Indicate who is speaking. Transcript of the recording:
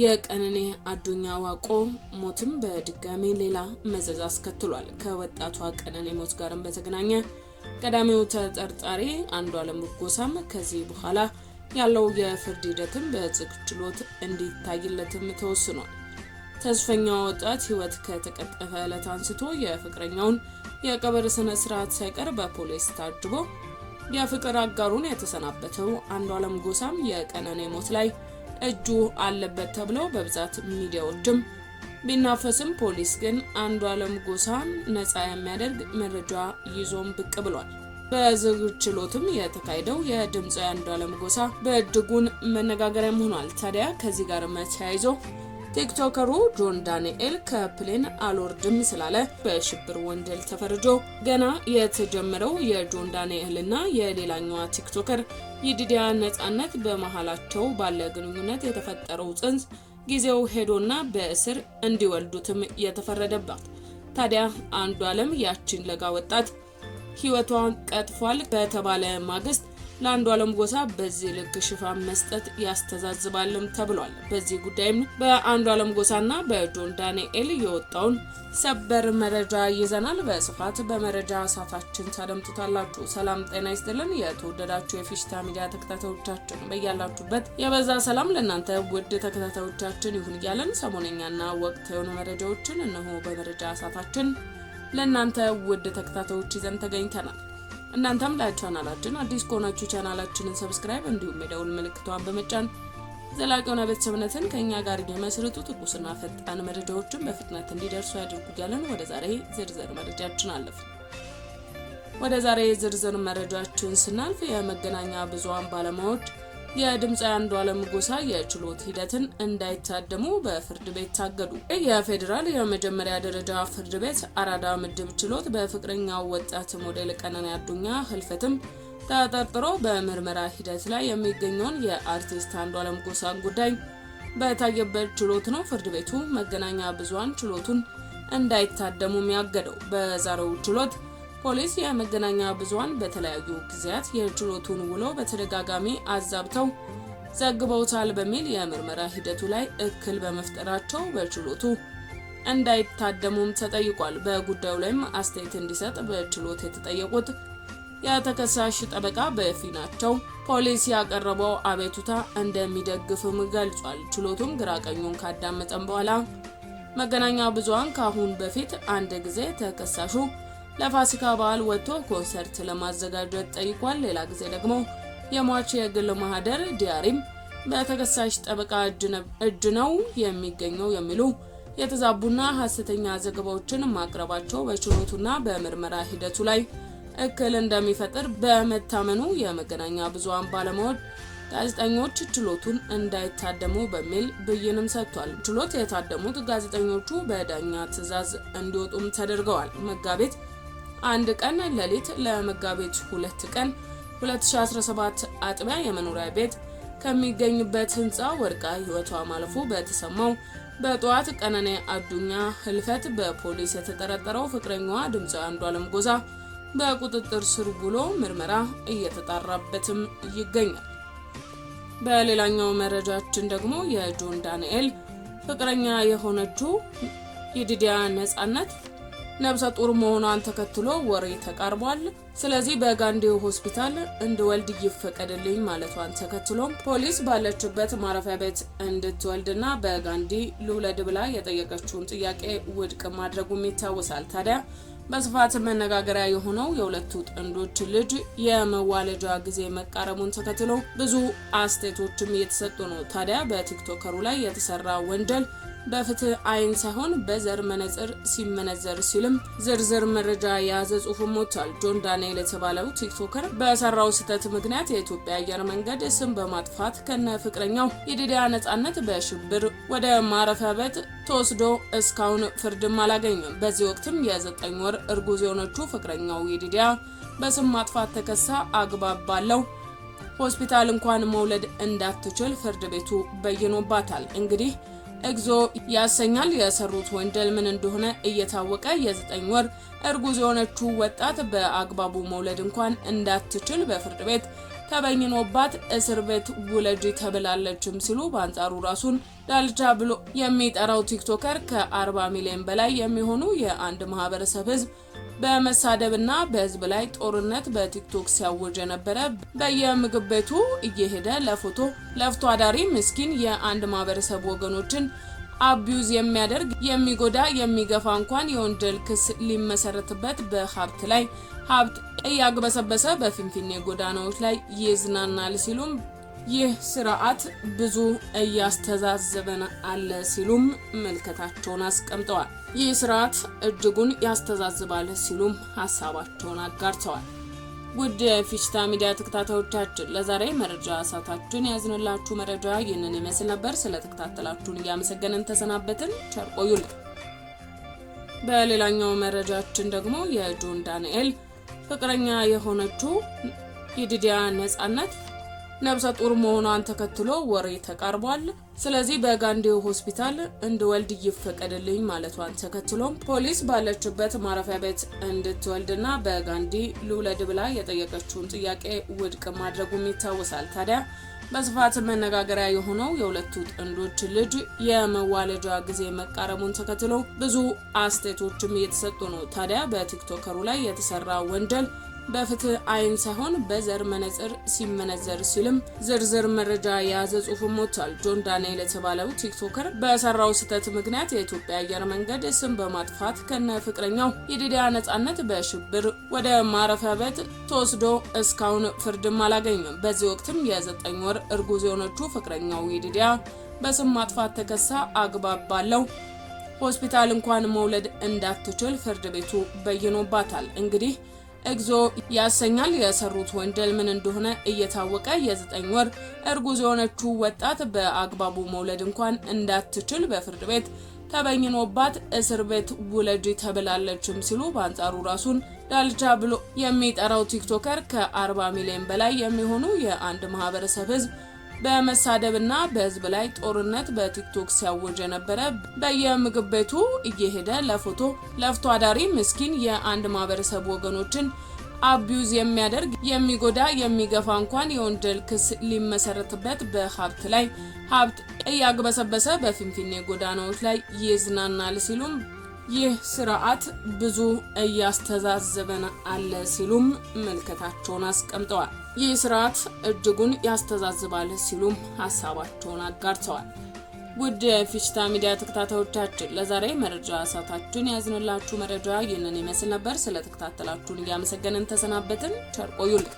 Speaker 1: የቀነኔ አዱኛ ዋቆ ሞትም በድጋሚ ሌላ መዘዝ አስከትሏል። ከወጣቷ ቀነኔ ሞት ጋርም በተገናኘ ቀዳሚው ተጠርጣሪ አንዷለም ጎሳም ከዚህ በኋላ ያለው የፍርድ ሂደትም በዝግ ችሎት እንዲታይለትም ተወስኗል። ተስፈኛው ወጣት ህይወት ከተቀጠፈ ዕለት አንስቶ የፍቅረኛውን የቀብር ስነ ስርዓት ሳይቀር በፖሊስ ታጅቦ የፍቅር አጋሩን የተሰናበተው አንዷለም ጎሳም የቀነኔ ሞት ላይ እጁ አለበት ተብሎ በብዛት ሚዲያዎችም ቢናፈስም ፖሊስ ግን አንዱዓለም ጎሳን ነፃ የሚያደርግ መረጃ ይዞም ብቅ ብሏል። በዝግ ችሎትም የተካሄደው የድምፃዊ አንዱዓለም ጎሳ በእጅጉን መነጋገሪያም ሆኗል። ታዲያ ከዚህ ጋር መተያይዞ ቲክቶከሩ ጆን ዳንኤል ከፕሌን አልወርድም ስላለ በሽብር ወንጀል ተፈርጆ ገና የተጀመረው የጆን ዳንኤልና የሌላኛዋ ቲክቶከር ይዲዲያ ነጻነት በመሀላቸው ባለ ግንኙነት የተፈጠረው ጽንስ ጊዜው ሄዶና በእስር እንዲወልዱትም የተፈረደባት ታዲያ አንዱ አለም ያችን ለጋ ወጣት ህይወቷን ቀጥፏል በተባለ ማግስት ለአንዱ አለም ጎሳ በዚህ ልክ ሽፋን መስጠት ያስተዛዝባልም ተብሏል። በዚህ ጉዳይም በአንዱ አለም ጎሳና በጆን ዳንኤል የወጣውን ሰበር መረጃ ይዘናል። በስፋት በመረጃ ሰዓታችን ታደምጡታላችሁ። ሰላም ጤና ይስጥልን። የተወደዳችሁ የፊሽታ ሚዲያ ተከታታዮቻችን በያላችሁበት የበዛ ሰላም ለእናንተ ውድ ተከታታዮቻችን ይሁን እያለን ሰሞነኛና ወቅት የሆኑ መረጃዎችን እነሆ በመረጃ ሰዓታችን ለእናንተ ውድ ተከታታዮች ይዘን ተገኝተናል። እናንተም ለቻናላችን አዲስ ከሆናችሁ ቻናላችንን ሰብስክራይብ እንዲሁም የደውል ምልክቷን በመጫን ዘላቂ የሆነ ቤተሰብነትን ከእኛ ጋር የመስርቱ ትኩስና ፈጣን መረጃዎችን በፍጥነት እንዲደርሱ ያድርጉ እያለን ወደ ዛሬ ዝርዝር መረጃችን አለፍ። ወደ ዛሬ ዝርዝር መረጃችን ስናልፍ የመገናኛ ብዙኃን ባለሙያዎች የድምፃዊ አንዷለም ጎሳ የችሎት ሂደትን እንዳይታደሙ በፍርድ ቤት ታገዱ። የፌዴራል የመጀመሪያ ደረጃ ፍርድ ቤት አራዳ ምድብ ችሎት በፍቅረኛው ወጣት ሞዴል ቀነኒ አዱኛ ህልፈትም ተጠርጥሮ በምርመራ ሂደት ላይ የሚገኘውን የአርቲስት አንዷለም ጎሳን ጉዳይ በታየበት ችሎት ነው ፍርድ ቤቱ መገናኛ ብዙሃን ችሎቱን እንዳይታደሙም ያገደው። በዛሬው ችሎት ፖሊስ የመገናኛ ብዙሃን በተለያዩ ጊዜያት የችሎቱን ውሎ በተደጋጋሚ አዛብተው ዘግበውታል በሚል የምርመራ ሂደቱ ላይ እክል በመፍጠራቸው በችሎቱ እንዳይታደሙም ተጠይቋል። በጉዳዩ ላይም አስተያየት እንዲሰጥ በችሎት የተጠየቁት የተከሳሽ ጠበቃ በፊናቸው ፖሊስ ያቀረበው አቤቱታ እንደሚደግፍም ገልጿል። ችሎቱም ግራ ቀኙን ካዳመጠም በኋላ መገናኛ ብዙሃን ከአሁን በፊት አንድ ጊዜ ተከሳሹ ለፋሲካ በዓል ወጥቶ ኮንሰርት ለማዘጋጀት ጠይቋል። ሌላ ጊዜ ደግሞ የሟች የግል ማህደር ዲያሪም በተከሳሽ ጠበቃ እጅ ነው የሚገኘው የሚሉ የተዛቡና ሀሰተኛ ዘገባዎችን ማቅረባቸው በችሎቱና በምርመራ ሂደቱ ላይ እክል እንደሚፈጥር በመታመኑ የመገናኛ ብዙሃን ባለሙያዎች ጋዜጠኞች ችሎቱን እንዳይታደሙ በሚል ብይንም ሰጥቷል። ችሎት የታደሙት ጋዜጠኞቹ በዳኛ ትዕዛዝ እንዲወጡም ተደርገዋል። መጋቤት አንድ ቀን ሌሊት ለመጋቢት ሁለት ቀን 2017 አጥቢያ የመኖሪያ ቤት ከሚገኝበት ህንፃ ወድቃ ህይወቷ ማለፉ በተሰማው በጠዋት ቀነኔ አዱኛ ህልፈት በፖሊስ የተጠረጠረው ፍቅረኛዋ ድምፃዊ አንዷለም ጎሳ በቁጥጥር ስር ውሎ ምርመራ እየተጣራበትም ይገኛል። በሌላኛው መረጃችን ደግሞ የጆን ዳንኤል ፍቅረኛ የሆነችው የዲዲያ ነጻነት ነብሰ ጡር መሆኗን ተከትሎ ወሬ ተቃርቧል። ስለዚህ በጋንዴው ሆስፒታል እንድወልድ ይፈቀድልኝ ማለቷን ተከትሎም ፖሊስ ባለችበት ማረፊያ ቤት እንድትወልድና በጋንዲ ልውለድ ብላ የጠየቀችውን ጥያቄ ውድቅ ማድረጉም ይታወሳል። ታዲያ በስፋት መነጋገሪያ የሆነው የሁለቱ ጥንዶች ልጅ የመዋለጃ ጊዜ መቃረቡን ተከትሎ ብዙ አስተያየቶችም እየተሰጡ ነው። ታዲያ በቲክቶከሩ ላይ የተሰራ ወንጀል በፍትህ አይን ሳይሆን በዘር መነጽር ሲመነዘር ሲልም ዝርዝር መረጃ የያዘ ጽሁፍ ሞቷል። ጆን ዳንኤል የተባለው ቲክቶከር በሰራው ስህተት ምክንያት የኢትዮጵያ አየር መንገድ ስም በማጥፋት ከነ ፍቅረኛው የዲዲያ ነጻነት በሽብር ወደ ማረፊያ ቤት ተወስዶ እስካሁን ፍርድም አላገኝም። በዚህ ወቅትም የዘጠኝ ወር እርጉዝ የሆነችው ፍቅረኛው የዲዲያ በስም ማጥፋት ተከሳ አግባብ ባለው ሆስፒታል እንኳን መውለድ እንዳትችል ፍርድ ቤቱ በይኖባታል። እንግዲህ እግዚኦ ያሰኛል የሰሩት ወንጀል ምን እንደሆነ እየታወቀ የዘጠኝ ወር እርጉዝ የሆነችው ወጣት በአግባቡ መውለድ እንኳን እንዳትችል በፍርድ ቤት ተበኝኖባት እስር ቤት ውለጅ ተብላለችም ሲሉ በአንጻሩ ራሱን ዳልቻ ብሎ የሚጠራው ቲክቶከር ከ40 ሚሊዮን በላይ የሚሆኑ የአንድ ማህበረሰብ ህዝብ በመሳደብና በህዝብ ላይ ጦርነት በቲክቶክ ሲያወጅ የነበረ በየምግብ ቤቱ እየሄደ ለፎቶ ለፍቶ አዳሪ ምስኪን የአንድ ማህበረሰብ ወገኖችን አቢዩዝ የሚያደርግ የሚጎዳ፣ የሚገፋ እንኳን የወንጀል ክስ ሊመሰረትበት በሀብት ላይ ሀብት እያግበሰበሰ በፊንፊኔ ጎዳናዎች ላይ ይዝናናል ሲሉም ይህ ስርዓት ብዙ እያስተዛዘበን አለ ሲሉም መልከታቸውን አስቀምጠዋል። ይህ ስርዓት እጅጉን ያስተዛዝባል ሲሉም ሀሳባቸውን አጋርተዋል። ውድ የፊሽታ ሚዲያ ተከታታዮቻችን ለዛሬ መረጃ ሰዓታችን ያዝንላችሁ መረጃ ይህንን ይመስል ነበር። ስለተከታተላችሁን እያመሰገንን ተሰናበትን። ቸር ቆዩልን። በሌላኛው መረጃችን ደግሞ የጆን ዳንኤል ፍቅረኛ የሆነችው የዲዲያ ነጻነት ነብሰ ጡር መሆኗን ተከትሎ ወሬ ተቃርቧል። ስለዚህ በጋንዴው ሆስፒታል እንድወልድ ይፈቀድልኝ ማለቷን ተከትሎም ፖሊስ ባለችበት ማረፊያ ቤት እንድትወልድና በጋንዲ ልውለድ ብላ የጠየቀችውን ጥያቄ ውድቅ ማድረጉም ይታወሳል። ታዲያ በስፋት መነጋገሪያ የሆነው የሁለቱ ጥንዶች ልጅ የመዋለጃ ጊዜ መቃረሙን ተከትሎ ብዙ አስተያየቶችም እየተሰጡ ነው። ታዲያ በቲክቶከሩ ላይ የተሰራ ወንጀል በፍትህ አይን ሳይሆን በዘር መነጽር ሲመነዘር ሲልም ዝርዝር መረጃ የያዘ ጽሁፍም ወጥቷል። ጆን ዳንኤል የተባለው ቲክቶከር በሰራው ስህተት ምክንያት የኢትዮጵያ አየር መንገድ ስም በማጥፋት ከነ ፍቅረኛው የዲዲያ ነጻነት በሽብር ወደ ማረፊያ ቤት ተወስዶ እስካሁን ፍርድም አላገኝም። በዚህ ወቅትም የዘጠኝ ወር እርጉዝ የሆነችው ፍቅረኛው የዲዲያ በስም ማጥፋት ተከሳ አግባብ ባለው ሆስፒታል እንኳን መውለድ እንዳትችል ፍርድ ቤቱ በይኖባታል። እንግዲህ እግዚኦ ያሰኛል የሰሩት ወንጀል ምን እንደሆነ እየታወቀ የዘጠኝ ወር እርጉዝ የሆነችው ወጣት በአግባቡ መውለድ እንኳን እንዳትችል በፍርድ ቤት ተበኝኖባት እስር ቤት ውለጅ ተብላለችም ሲሉ በአንጻሩ ራሱን ዳልቻ ብሎ የሚጠራው ቲክቶከር ከ40 ሚሊዮን በላይ የሚሆኑ የአንድ ማህበረሰብ ህዝብ በመሳደብና በህዝብ ላይ ጦርነት በቲክቶክ ሲያወጅ የነበረ በየምግብ ቤቱ እየሄደ ለፎቶ ለፍቶ አዳሪ ምስኪን የአንድ ማህበረሰብ ወገኖችን አቢዩዝ የሚያደርግ የሚጎዳ የሚገፋ እንኳን የወንጀል ክስ ሊመሰረትበት በሀብት ላይ ሀብት እያግበሰበሰ በፊንፊኔ ጎዳናዎች ላይ ይዝናናል ሲሉም ይህ ስርዓት ብዙ እያስተዛዘበን አለ ሲሉም ምልከታቸውን አስቀምጠዋል። ይህ ስርዓት እጅጉን ያስተዛዝባል ሲሉም ሀሳባቸውን አጋርተዋል። ውድ የፊሽታ ሚዲያ ተከታታዮቻችን ለዛሬ መረጃ ሰዓታችን ያዝንላችሁ መረጃ ይህንን ይመስል ነበር። ስለተከታተላችሁን እያመሰገንን ተሰናበትን። ቸር ቆዩልን።